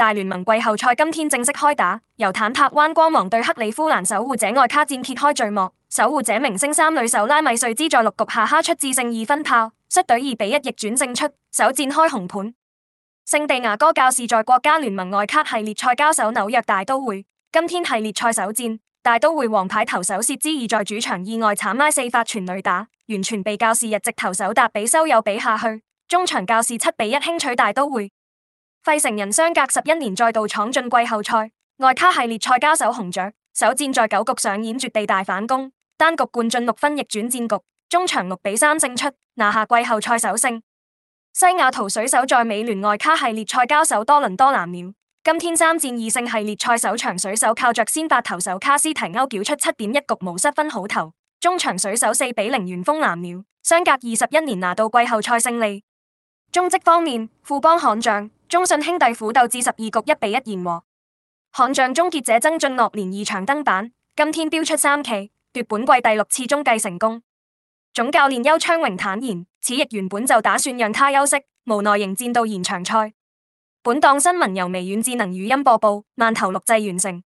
大聯盟季後賽今天正式開打，由坦帕灣光芒對克里夫蘭守護者外卡戰揭開序幕。守護者明星三壘手拉米瑞茲在六局下敲出致勝二分炮，率隊二比一逆轉勝出。首戰開紅盤。聖地牙哥教士在國家聯盟外卡系列賽交手紐約大都會，今天系列賽首戰，大都會王牌投手薛之二在主場意外慘捱四發全壘打，完全被教士日直投手達比修有比下去，中場教士七比一輕取大都會。費城人相隔十一年再度闖進季後賽，外卡系列賽交手紅雀，首戰在九局上演絕地大反攻，單局灌進六分，逆轉戰局，終場六比三勝出，拿下季後賽首勝。西雅圖水手在美聯外卡系列賽交手多倫多藍鳥，今天三戰二勝系列賽首場，水手靠着先發投手卡斯提歐繳出七點一局無失分好投，終場水手四比零完封藍鳥，相隔二十一年拿到季後賽勝利。中職方面，富邦悍將。中信兄弟苦鬥至十二局一比一言和，悍將終結者曾俊樂連二場登板，今天飆出三期，奪本季第六次中繼成功。總教練邱昌榮坦言，此役原本就打算讓他休息，無奈迎戰到延長賽。本檔新聞由微軟智能語音播報，慢頭錄製完成。